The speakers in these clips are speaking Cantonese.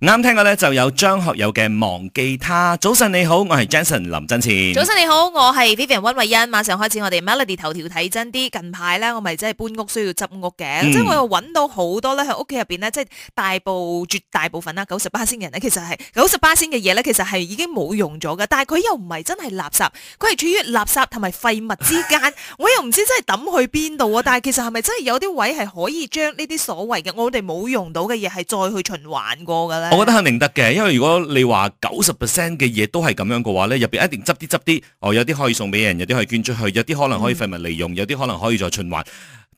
啱聽過咧，就有張學友嘅忘記他。早晨你好，我係 Jason 林振前。早晨你好，我係 Vivian 溫慧欣。馬上開始我哋 Melody 頭條睇真啲。近排咧，我咪真係搬屋需要執屋嘅，即、嗯、係我又揾到好多咧，喺屋企入邊咧，即、就、係、是、大部絕大部分啦，九十八星人咧，其實係九十八星嘅嘢咧，其實係已經冇用咗嘅。但係佢又唔係真係垃圾，佢係處於垃圾同埋廢物之間。 我又唔知真係抌去邊度啊！但係其實係咪真係有啲位係可以將呢啲所謂嘅我哋冇用到嘅嘢係再去循環過噶咧？我覺得肯定得嘅，因為如果你90%話九十 percent 嘅嘢都係咁樣嘅話呢，入面一定執啲執啲，哦有啲可以送俾人，有啲可以捐出去，有啲可能可以廢物利用，嗯、有啲可能可以再循環。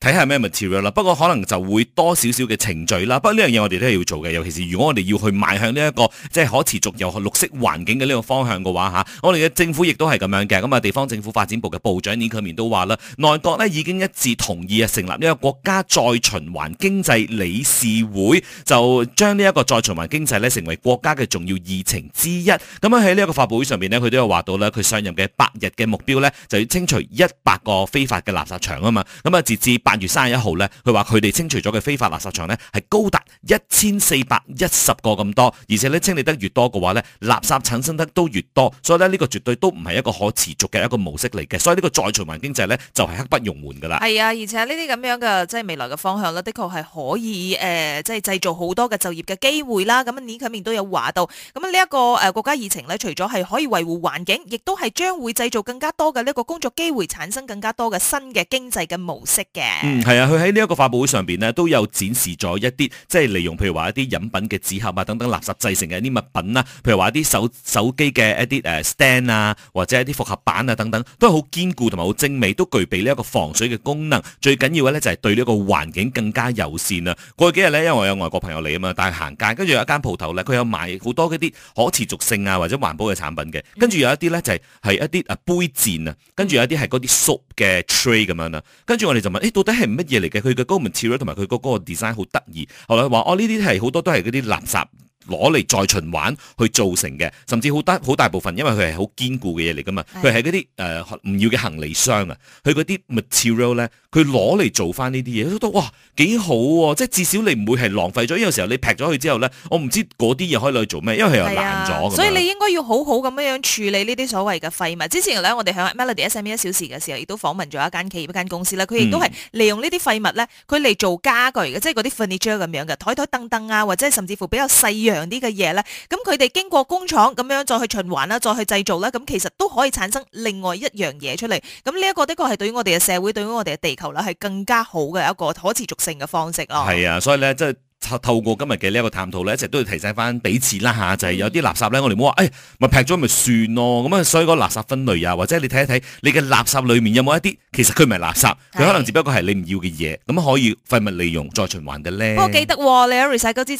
睇下咩 material 啦，不過可能就會多少少嘅程序啦。不過呢樣嘢我哋都係要做嘅，尤其是如果我哋要去邁向呢、這、一個即係可持續又綠色環境嘅呢個方向嘅話吓，我哋嘅政府亦都係咁樣嘅。咁啊，地方政府發展部嘅部長倪可敏都話啦，內閣呢已經一致同意啊，成立呢個國家再循環經濟理事會，就將呢一個再循環經濟呢成為國家嘅重要議程之一。咁樣喺呢一個發佈會上面呢，佢都有話到咧，佢上任嘅百日嘅目標呢，就要清除一百個非法嘅垃圾場啊嘛。咁啊，截至八月三十一號咧，佢話佢哋清除咗嘅非法垃圾場咧，係高達一千四百一十個咁多，而且咧清理得越多嘅話咧，垃圾產生得都越多，所以咧呢個絕對都唔係一個可持續嘅一個模式嚟嘅，所以呢個再循環經濟咧就係刻不容緩噶啦。係啊，而且呢啲咁樣嘅即係未來嘅方向咧，的確係可以誒、呃，即係製造好多嘅就業嘅機會啦。咁啊，年方面都有話到，咁呢一個誒、呃、國家疫情咧，除咗係可以維護環境，亦都係將會製造更加多嘅呢個工作機會，產生更加多嘅新嘅經濟嘅模式嘅。嗯，係啊，佢喺呢一個發布會上面呢都有展示咗一啲，即係利用譬如話一啲飲品嘅紙盒啊，等等垃圾製成嘅一啲物品啊，譬如話一啲手手機嘅一啲誒、呃、stand 啊，或者一啲複合板啊等等，都係好堅固同埋好精美，都具備呢一個防水嘅功能。最緊要嘅咧就係對呢個環境更加友善啊！過去幾日咧，因為我有外國朋友嚟啊嘛，帶行街，跟住有一間鋪頭咧，佢有賣好多嗰啲可持續性啊或者環保嘅產品嘅。跟住有一啲咧就係、係、誒一啲杯墊啊，跟住有一啲係嗰啲嘅 tray 咁樣啦。跟住我哋就問誒到底。即係乜嘢嚟嘅？佢嘅嗰個 material 同埋佢嗰個 design 好得意。後來話哦，呢啲係好多都係嗰啲垃圾攞嚟再循環去造成嘅，甚至好多好大部分，因為佢係好堅固嘅嘢嚟噶嘛。佢係嗰啲誒唔要嘅行李箱啊，佢嗰啲 material 咧。佢攞嚟做翻呢啲嘢，我都哇幾好喎、啊！即係至少你唔會係浪費咗，因為有時候你劈咗佢之後咧，我唔知嗰啲嘢可以攞去做咩，因為佢又爛咗、啊。所以你應該要好好咁樣樣處理呢啲所謂嘅廢物。之前咧，我哋響 Melody S M E 一小時嘅時候，亦都訪問咗一間企業、一間公司啦。佢亦都係利用呢啲廢物咧，佢嚟做家具，嘅，即係嗰啲 furniture 咁樣嘅，台台凳凳啊，或者甚至乎比較細樣啲嘅嘢咧。咁佢哋經過工廠咁樣再去循環啦，再去製造啦，咁、嗯、其實都可以產生另外一樣嘢出嚟。咁呢一個的確係對於我哋嘅社會，對於我哋嘅地頭啦，係更加好嘅一個可持續性嘅方式咯。係啊，所以咧，即係。透過今日嘅呢一個探討呢，一直都要提醒返彼此啦嚇，就係、是、有啲垃圾呢，我哋唔好話，誒咪劈咗咪算咯，咁啊，所以個垃圾分類啊，或者你睇一睇你嘅垃圾裏面有冇一啲，其實佢唔係垃圾，佢可能只不過係你唔要嘅嘢，咁可以廢物利用再循環嘅呢。不過記得喎、哦，你喺 recycle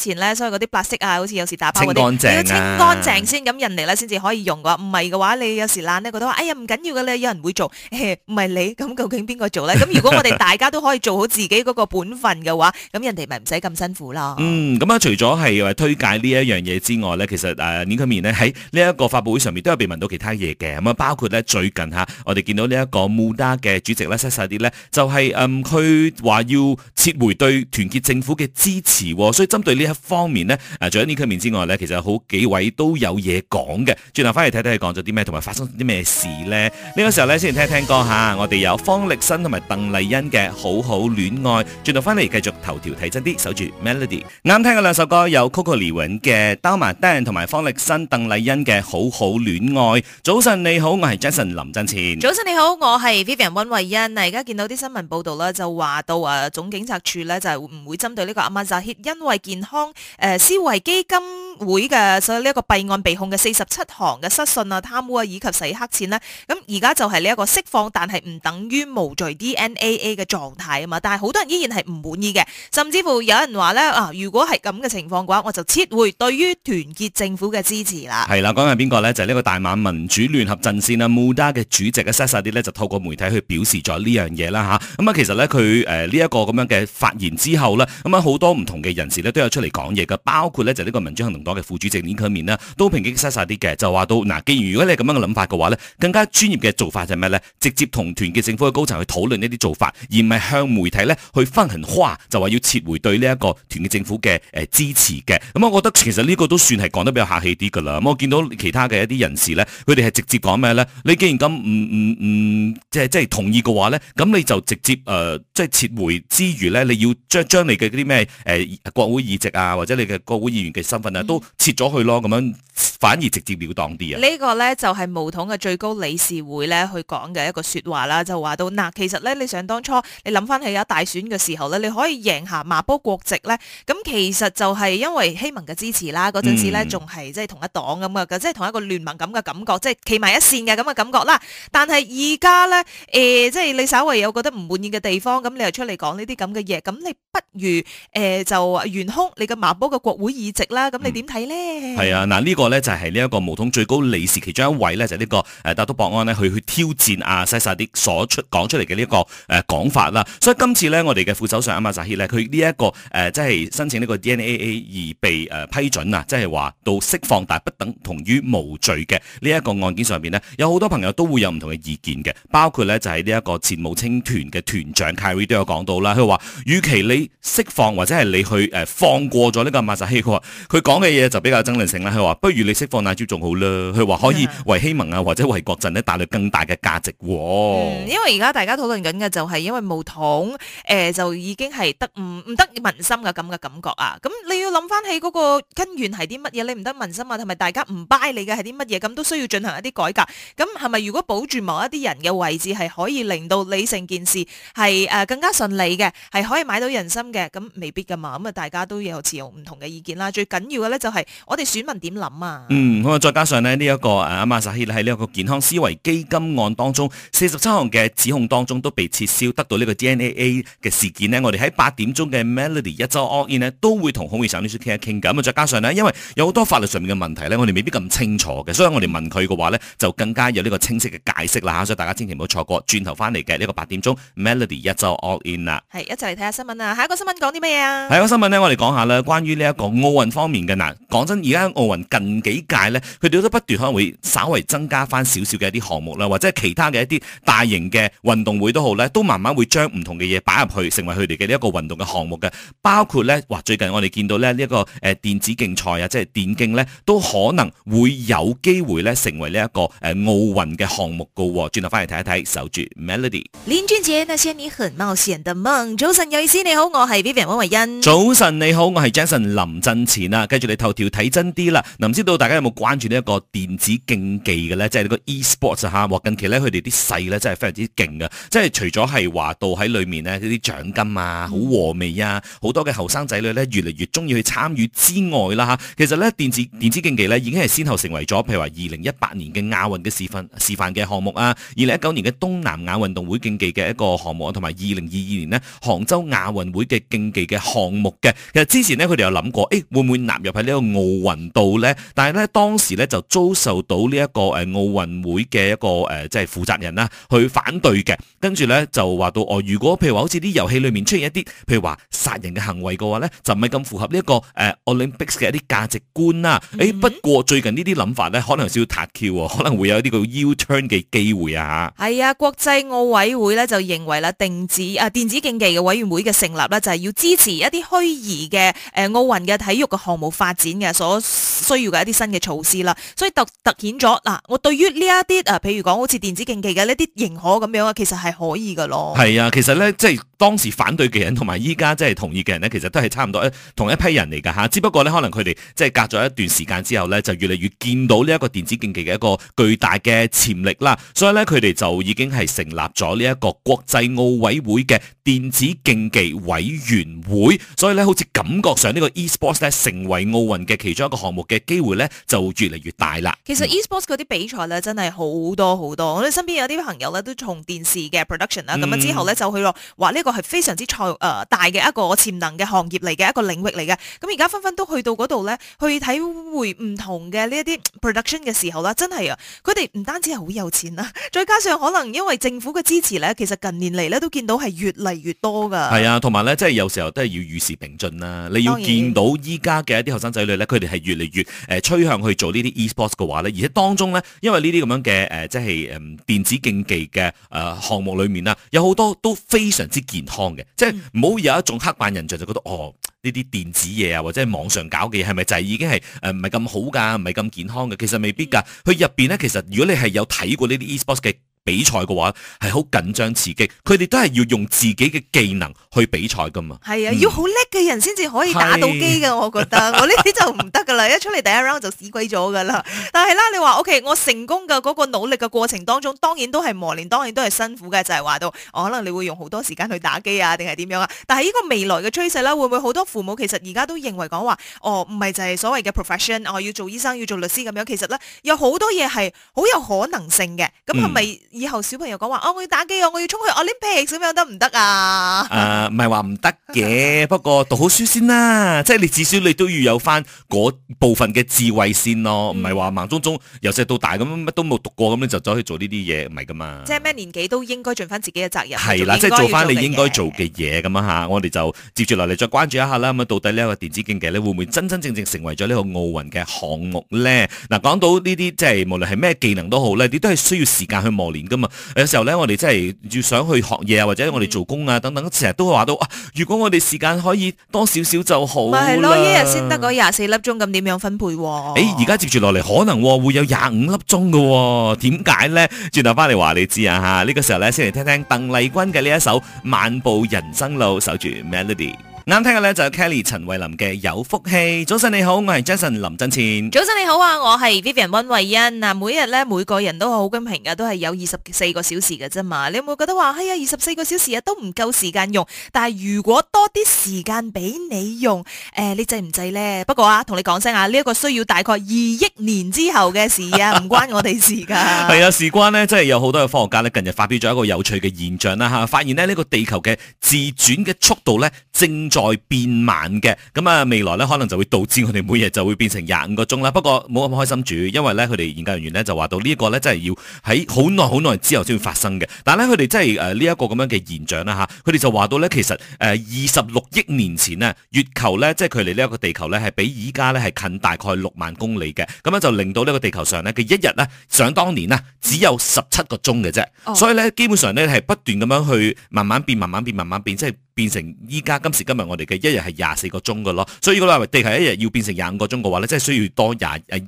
嗯，咁啊，除咗係話推介呢一樣嘢之外咧，其實誒 Nicki Minaj 咧喺呢一個發布會上面都有被問到其他嘢嘅，咁啊包括咧最近嚇我哋見到呢一個 MUDA 嘅主席咧 set 晒啲咧，就係誒佢話要撤回對團結政府嘅支持，所以針對呢一方面咧，誒除咗 Nicki Minaj 之外咧，其實好幾位都有嘢講嘅。轉頭翻嚟睇睇佢講咗啲咩，同埋發生啲咩事咧？呢個時候咧先嚟聽聽歌嚇，我哋有方力申同埋鄧麗欣嘅《好好戀愛》。轉頭翻嚟繼續頭條睇真啲，守住 melody。啱聽嘅兩首歌有 CoCo 李玟嘅《Diamond》同埋方力申、鄧麗欣嘅《好好戀愛》。早晨你好，我係 Jason 林振前。早晨你好，我係 Vivian 溫慧欣。嗱，而家見到啲新聞報道咧，就話到誒，總警察處呢，就係、是、唔會針對呢個阿媽扎，因為健康誒、呃，思維基金會嘅所以呢一個弊案、被控嘅四十七項嘅失信啊、貪污啊以及洗黑錢咧，咁而家就係呢一個釋放，但係唔等於無罪 D N A A 嘅狀態啊嘛。但係好多人依然係唔滿意嘅，甚至乎有人話呢。啊！如果係咁嘅情況嘅話，我就撤回對於團結政府嘅支持啦。係啦，講緊係邊個咧？就呢、是、個大馬民主聯合陣線啊 m o o d a 嘅主席嘅 set 曬啲呢，就透過媒體去表示咗呢樣嘢啦吓，咁啊，其實呢，佢誒呢一個咁樣嘅發言之後呢，咁啊好多唔同嘅人士呢，都有出嚟講嘢嘅，包括呢就呢個民主行動黨嘅副主席李克勉啦，都抨擊 set 曬啲嘅，就話到嗱，既然如果你咁樣嘅諗法嘅話呢，更加專業嘅做法就係咩呢？直接同團結政府嘅高層去討論呢啲做法，而唔係向媒體呢去分行花，就話要撤回對呢一個政府嘅誒支持嘅，咁我覺得其實呢個都算係講得比較客氣啲噶啦。咁我見到其他嘅一啲人士咧，佢哋係直接講咩咧？你既然咁，唔。嗯嗯。嗯即係即係同意嘅話咧，咁你就直接誒，即係撤回之餘咧，你要將將你嘅嗰啲咩誒國會議席啊，或者你嘅國會議員嘅身份啊，都撤咗去咯，咁樣反而直接了當啲啊！呢個咧就係巫統嘅最高理事會咧去講嘅一個説話啦，就話到嗱，其實咧你想當初你諗翻起有大選嘅時候咧，你可以贏下麻波國席咧，咁其實就係因為希盟嘅支持啦，嗰陣時咧仲係即係同一黨咁啊，即係同一個聯盟咁嘅感覺，即係企埋一線嘅咁嘅感覺啦。但係而家咧。誒、呃，即係你稍為有覺得唔滿意嘅地方，咁你又出嚟講呢啲咁嘅嘢，咁你不如誒、呃、就懸空你嘅麻波嘅國會議席啦，咁你點睇呢？係、嗯、啊、嗱、這、呢個呢，就係呢一個巫統最高理事，其中一位呢，就呢個誒達都博安呢，去去挑戰阿西薩啲所說出講出嚟嘅呢一個誒講法啦。所以今次呢，我哋嘅副首相阿馬扎希呢，佢呢一個誒即係申請呢個 DNAA 而被誒批准啊，即係話到釋放，但不等同於無罪嘅呢一個案件上邊呢，有好多朋友都會有唔同嘅意見嘅，包。包括咧就係呢一個前巫青團嘅團長 Kerry 都有講到啦，佢話與其你釋放或者係你去誒放過咗呢個麥扎希，佢話佢講嘅嘢，就比較爭論性啦。佢話不如你釋放阿朱仲好啦，佢話可以為希盟啊或者為國陣呢，帶嚟更大嘅價值。嗯，因為而家大家討論緊嘅就係因為巫統誒、呃、就已經係得唔唔得民心嘅咁嘅感覺啊。咁你要諗翻起嗰個根源係啲乜嘢？你唔得民心啊，同埋大家唔 buy 你嘅係啲乜嘢？咁都需要進行一啲改革。咁係咪如果保住某一啲人嘅位置，只係可以令到你成件事係誒更加順利嘅，係可以買到人心嘅，咁未必噶嘛。咁啊，大家都有持有唔同嘅意見啦。最緊要嘅咧就係我哋選民點諗啊？嗯，咁啊，再加上咧呢一個誒阿馬薩希喺呢個健康思維基金案當中四十七項嘅指控當中都被撤銷，得到呢個 DNAA 嘅事件咧，我哋喺八點鐘嘅 Melody 一週惡宴咧都會同孔宇成律師傾一傾嘅。咁啊，再加上咧，因為有好多法律上面嘅問題咧，我哋未必咁清楚嘅，所以我哋問佢嘅話咧就更加有呢個清晰嘅解釋啦。所以大家千祈唔好錯過轉頭翻嚟嘅呢個八點鐘 Melody 一晝 all in 啦，係一齊嚟睇下新聞啊！下一個新聞講啲咩啊？下一個新聞咧，我哋講下啦，關於呢一個奧運方面嘅嗱，講真而家奧運近幾屆咧，佢哋都不斷可能會稍微增加翻少少嘅一啲項目啦，或者係其他嘅一啲大型嘅運動會都好咧，都慢慢會將唔同嘅嘢擺入去，成為佢哋嘅呢一個運動嘅項目嘅。包括咧，哇！最近我哋見到咧呢一個誒電子競賽啊，即係電競咧，都可能會有機會咧成為呢一個誒奧運嘅項目噶。轉頭翻嚟睇一睇。守住 Melody，林俊傑那些你很冒險的夢。早晨，有意思你好，我係 Vivian 溫慧欣。早晨你好，我係 Jason 林振前啊。跟住你頭條睇真啲啦。嗱，唔知道大家有冇關注呢一個電子競技嘅咧，即係呢個 e-sports 啊吓。近期咧，佢哋啲勢咧真係非常之勁嘅，即係除咗係話到喺裏面咧啲獎金啊，好和味啊，好多嘅後生仔女咧越嚟越中意去參與之外啦吓，啊。其實咧電子電子競技咧已經係先後成為咗譬如話二零一八年嘅亞運嘅示範示範嘅項目啊，二零一九年嘅。東南亞運動會競技嘅一個項目，同埋二零二二年呢杭州亞運會嘅競技嘅項目嘅。其實之前呢佢哋有諗過，誒、欸、會唔會納入喺呢個奧運度呢？但係咧當時呢就遭受到呢、這個呃、一個誒奧運會嘅一個誒即係負責人啦、啊、去反對嘅。跟住呢就話到哦、呃，如果譬如話好似啲遊戲裏面出現一啲，譬如話殺人嘅行為嘅話呢就唔係咁符合呢、這個呃、一個誒 Olympics 嘅一啲價值觀啦。誒、mm-hmm. 欸、不過最近呢啲諗法呢可能有少少突 q，可能會有啲個 U turn 嘅機會啊 啊！國際奧委會咧就認為啦，電子啊電子競技嘅委員會嘅成立咧，就係要支持一啲虛擬嘅誒奧運嘅體育嘅項目發展嘅所需要嘅一啲新嘅措施啦。所以就突顯咗嗱，我對於呢一啲啊，譬如講好似電子競技嘅呢啲認可咁樣啊，其實係可以㗎咯。係啊，其實咧即係。當時反對嘅人同埋依家即係同意嘅人呢，其實都係差唔多同一批人嚟㗎嚇。只不過呢，可能佢哋即係隔咗一段時間之後呢，就越嚟越見到呢一個電子競技嘅一個巨大嘅潛力啦。所以呢，佢哋就已經係成立咗呢一個國際奧委會嘅電子競技委員會。所以呢，好似感覺上呢個 e-sports 呢成為奧運嘅其中一個項目嘅機會呢，就越嚟越大啦。其實 e-sports 嗰啲比賽呢，真係好多好多。我哋身邊有啲朋友呢，都從電視嘅 production 啦、嗯，咁之後呢，就去落話呢個係非常之誒大嘅一個潛能嘅行業嚟嘅一個領域嚟嘅，咁而家紛紛都去到嗰度咧，去體會唔同嘅呢一啲 production 嘅時候啦，真係啊！佢哋唔單止係好有錢啊，再加上可能因為政府嘅支持咧，其實近年嚟咧都見到係越嚟越多噶。係啊，同埋咧，即係有時候都係要與時並進啦。你要見到依家嘅一啲後生仔女咧，佢哋係越嚟越誒，趨、呃、向去做呢啲 e-sports 嘅話咧，而且當中咧，因為呢啲咁樣嘅誒、呃，即係誒、嗯、電子競技嘅誒項目裏面啊，有好多都非常之健康嘅，即係唔好有一種黑板印象，就覺得哦呢啲電子嘢啊，或者係網上搞嘅嘢，係咪就係已經係誒唔係咁好㗎，唔係咁健康嘅？其實未必㗎，佢入邊咧，其實如果你係有睇過呢啲 e-sports 嘅比賽嘅話係好緊張刺激，佢哋都係要用自己嘅技能去比賽噶嘛。係啊，嗯、要好叻嘅人先至可以打到機噶，我覺得 我呢啲就唔得噶啦，一出嚟第一 round 就死鬼咗噶啦。但係啦，你話 O K，我成功嘅嗰、嗰個努力嘅過程當中，當然都係磨練，當然都係辛苦嘅，就係話到我可能你會用好多時間去打機啊，定係點樣啊？但係呢個未來嘅趨勢啦，會唔會好多父母其實而家都認為講話哦，唔係就係所謂嘅 profession，哦要做醫生要做律師咁樣，其實咧有好多嘢係好有可能性嘅，咁係咪？以後小朋友講話，哦，我要打機，我我要衝去奧林匹克，小朋友得唔得啊？誒，唔係話唔得嘅，不過讀好書先啦，即係你至少你都要有翻嗰部分嘅智慧先咯，唔係話盲中中由細到大咁乜都冇讀過咁咧就走去做呢啲嘢，唔係噶嘛。即係咩年紀都應該盡翻自己嘅責任。係啦，即係做翻你應該做嘅嘢咁啊吓，我哋就接住落嚟再關注一下啦。咁啊，到底呢個電子競技咧會唔會真真正正成為咗呢個奧運嘅項目咧？嗱，講到呢啲即係無論係咩技能都好咧，你都係需要時間去磨練。嘛，有時候咧，我哋真係要想去學嘢啊，或者我哋做工啊等等，成日都會話到、啊，如果我哋時間可以多少少就好啦。咪、就、係、是，呢一日先得嗰廿四粒鐘，咁點樣分配？喎、欸？」而家接住落嚟，可能、哦、會有廿五粒鐘喎，點解咧？轉頭翻嚟話你知啊嚇，呢、呢個時候咧，先嚟聽聽鄧麗君嘅呢一首《漫步人生路》，守住 Melody。啱聽嘅咧，就係 Kelly 陳慧琳嘅有福氣。早晨你好，我係 Jason 林振前。早晨你好啊，我係 Vivian 溫慧欣。嗱，每日咧，每個人都好公平㗎，都係有二十四個小時㗎啫嘛。你有冇覺得話，哎呀，二十四個小時啊都唔夠時間用？但係如果多啲時間俾你用，誒、呃，你制唔制呢？不過啊，同你講聲啊，呢、這、一個需要大概二億年之後嘅事啊，唔 關我哋事噶。係 啊，事關呢，真係有好多嘅科學家咧，近日發表咗一個有趣嘅現象啦吓、啊，發現呢呢、這個地球嘅自轉嘅速度呢。正在變慢嘅，咁啊未來咧可能就會導致我哋每日就會變成廿五個鐘啦。不過冇咁開心住，因為咧佢哋研究人員咧就話到呢一個咧真係要喺好耐好耐之後先會發生嘅。但係咧佢哋真係誒呢一個咁樣嘅現象啦嚇，佢哋就話到咧，其實誒二十六億年前呢，月球咧即係距離呢一個地球咧係比依家咧係近大概六萬公里嘅，咁樣就令到呢個地球上咧嘅一日咧，想當年呢只有十七個鐘嘅啫，哦、所以咧基本上咧係不斷咁樣去慢慢變、慢慢變、慢慢變，即係。變成依家今時今日我哋嘅一日係廿四個鐘㗎囉，所以如果地球一日要變成廿五個鐘嘅話咧，真係需要多廿誒二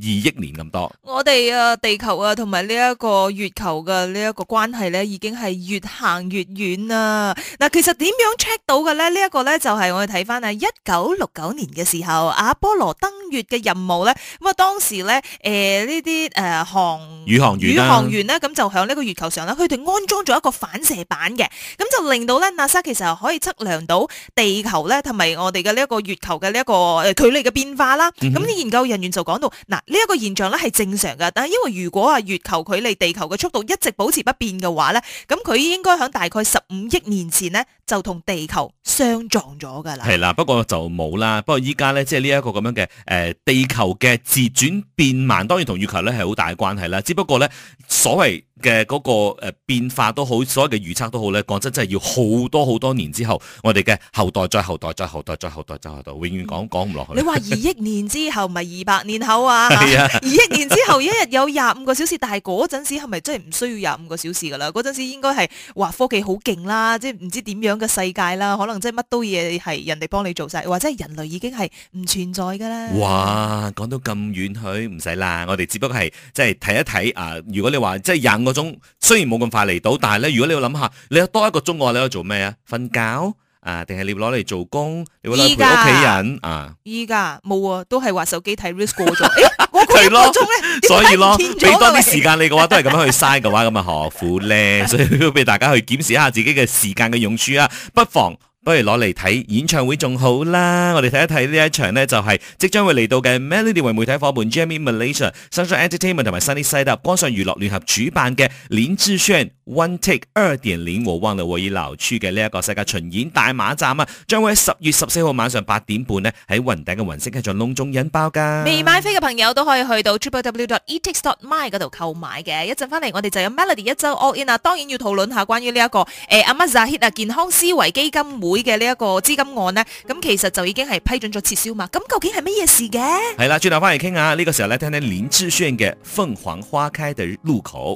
億年咁多。我哋啊，地球啊，同埋呢一個月球嘅呢一個關係咧，已經係越行越遠喇！嗱，其實點樣 check 到嘅咧？呢一個咧就係我哋睇翻啊，一九六九年嘅時候，阿波羅登月嘅任務咧，咁啊當時咧誒呢啲誒航宇航員宇航員咧，咁就喺呢個月球上咧，佢哋安裝咗一個反射板嘅，咁就令到咧 NASA 其實。可以測量到地球咧同埋我哋嘅呢一個月球嘅呢一個距離嘅變化啦。咁、嗯、啲研究人員就講到「嗱呢一個現象咧係正常㗎。」但係因為如果啊月球距離地球嘅速度一直保持不變嘅話咧，咁佢應該喺大概十五億年前咧就同地球相撞咗㗎啦。係啦，不過就冇啦。不過依家咧即係呢一、就是、個咁樣嘅、呃、地球嘅自轉變慢，當然同月球咧係好大嘅關係啦。只不過咧所謂嘅嗰個、呃、變化都好，所謂嘅預測都好咧，講真真係要好多好多年。之後我哋嘅後、後、後代再後代再後代再後代再後代，永遠講講唔落去。你話二億年之後唔係二百年後啊？二億、啊、 二億年之後一日有廿五個小時，但係嗰陣時係咪真係唔需要廿五個小時噶啦？嗰陣時應該係話科技好勁啦，即係唔知點樣嘅世界啦，可能真係乜都嘢係人哋幫你做晒，或者係人類已經係唔存在噶啦。哇，講到咁遠去唔使啦，我哋只不過係即係睇一睇啊！如果你話即係廿五個鐘，雖然冇咁快嚟到，但係咧，如果你要諗下，你有多一個鐘嘅話，你喺度做咩啊？分搞啊，定係你攞嚟做工，你會攞嚟陪屋企人啊？依家冇啊，都係話手機睇 risk 過咗、 欸。我講一個鐘咧， 所以咯，俾多啲時間你嘅話，都係咁樣去嘥嘅話，咁啊何苦咧？ 所以都俾大家去檢視一下自己嘅時間嘅用處啊，不妨。不如攞嚟睇演唱會仲好啦，我哋睇一睇呢一場呢，就係即將會嚟到嘅 Melody 為媒體伙伴 j a m m y Malaysia Sunshine Entertainment 同埋 Side Up。光信娛樂聯合主辦嘅林志炫 One Take 二點零和 One l 流出嘅呢一個世界巡演大馬站啊，將會喺十月十四號晚上八點半呢，喺雲頂嘅雲星劇場隆重引爆噶。未買飛嘅朋友都可以去到 www.etixdotmy 嗰度購買嘅。一陣翻嚟我哋就有 Melody 一周。all in 啊，當然要討論下關於呢一個誒阿馬 a Hit 啊健康思維基金會。會嘅呢一個資金案咧，咁其實就已經係批准咗撤銷嘛。咁究竟係乜嘢事嘅？係啦，轉頭翻嚟傾下呢個時候咧，聽聽林志炫嘅《鳳凰花開的路口》。